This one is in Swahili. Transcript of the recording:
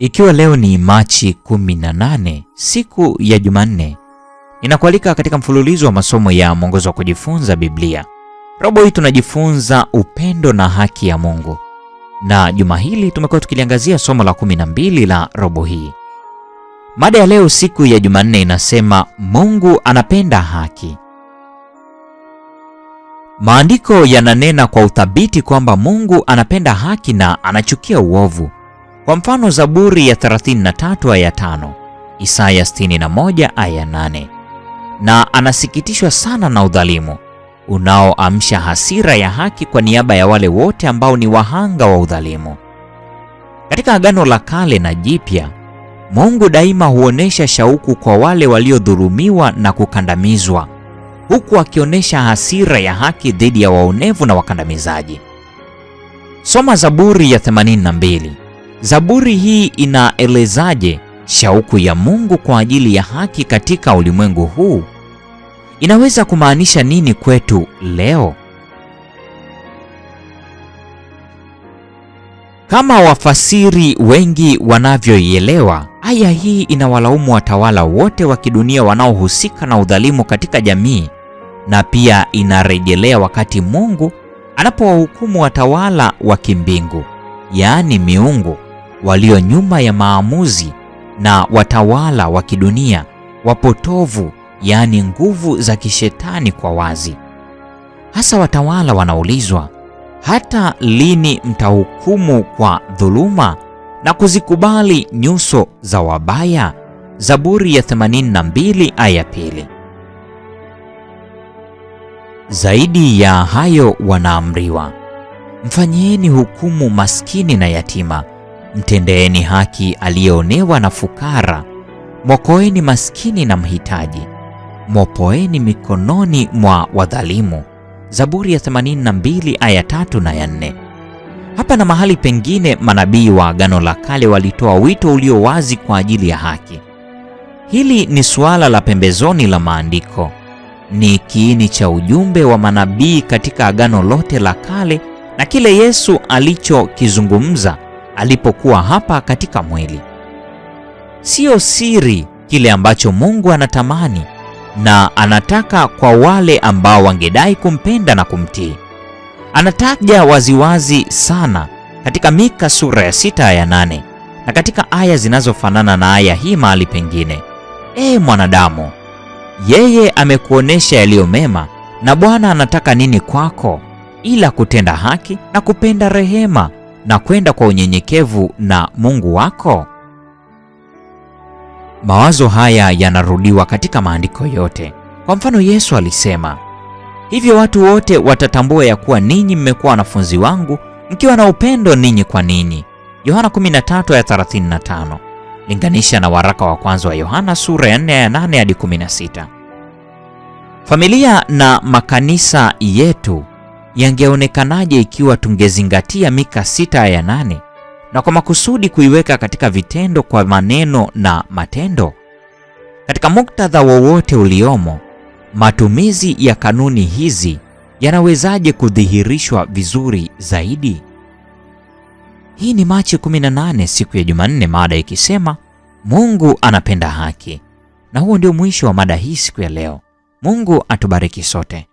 Ikiwa leo ni Machi 18 siku ya Jumanne, ninakualika katika mfululizo wa masomo ya mwongozo wa kujifunza Biblia. Robo hii tunajifunza upendo na haki ya Mungu, na juma hili tumekuwa tukiliangazia somo la 12 la robo hii. Mada ya leo siku ya Jumanne inasema Mungu anapenda haki. Maandiko yananena kwa uthabiti kwamba Mungu anapenda haki na anachukia uovu. Kwa mfano Zaburi ya 33 aya 5, Isaya 61 aya 8. Na anasikitishwa sana na udhalimu unaoamsha hasira ya haki kwa niaba ya wale wote ambao ni wahanga wa udhalimu. Katika Agano la Kale na Jipya, Mungu daima huonesha shauku kwa wale waliodhulumiwa na kukandamizwa, huku akionyesha hasira ya haki dhidi ya waonevu na wakandamizaji. Soma Zaburi ya 82, Zaburi hii inaelezaje shauku ya Mungu kwa ajili ya haki katika ulimwengu huu? Inaweza kumaanisha nini kwetu leo? Kama wafasiri wengi wanavyoielewa, aya hii inawalaumu watawala wote wa kidunia wanaohusika na udhalimu katika jamii, na pia inarejelea wakati Mungu anapowahukumu watawala wa kimbingu, yaani miungu walio nyuma ya maamuzi na watawala wa kidunia wapotovu, yaani nguvu za kishetani kwa wazi. Hasa watawala wanaulizwa, hata lini mtahukumu kwa dhuluma na kuzikubali nyuso za wabaya? Zaburi ya 82 aya pili. Zaidi ya hayo wanaamriwa, mfanyieni hukumu maskini na yatima Mtendeeni haki aliyeonewa na fukara, mwokoeni maskini na mhitaji, mwopoeni mikononi mwa wadhalimu. Zaburi ya 82 aya tatu na ya nne. Hapa na mahali pengine manabii wa Agano la Kale walitoa wito ulio wazi kwa ajili ya haki. Hili ni suala la pembezoni la maandiko, ni kiini cha ujumbe wa manabii katika Agano lote la Kale na kile Yesu alichokizungumza alipokuwa hapa katika mwili. Siyo siri kile ambacho Mungu anatamani na anataka kwa wale ambao wangedai kumpenda na kumtii. Anataja waziwazi sana katika Mika sura ya sita aya nane na katika aya zinazofanana na aya hii mahali pengine. E mwanadamu, yeye amekuonesha yaliyo mema, na Bwana anataka nini kwako ila kutenda haki na kupenda rehema na kwenda kwa unyenyekevu na Mungu wako? Mawazo haya yanarudiwa katika maandiko yote. Kwa mfano, Yesu alisema, hivyo watu wote watatambua ya kuwa ninyi mmekuwa wanafunzi wangu mkiwa na upendo ninyi kwa ninyi, Yohana 13:35. Linganisha na waraka wa kwanza wa Yohana sura ya 4 ya 8 hadi 16. Familia na makanisa yetu yangeonekanaje ikiwa tungezingatia Mika sita ya nane na kwa makusudi kuiweka katika vitendo kwa maneno na matendo? Katika muktadha wowote uliomo, matumizi ya kanuni hizi yanawezaje kudhihirishwa vizuri zaidi? Hii ni Machi 18 siku ya Jumanne, mada ikisema Mungu anapenda haki, na huo ndio mwisho wa mada hii siku ya leo. Mungu atubariki sote.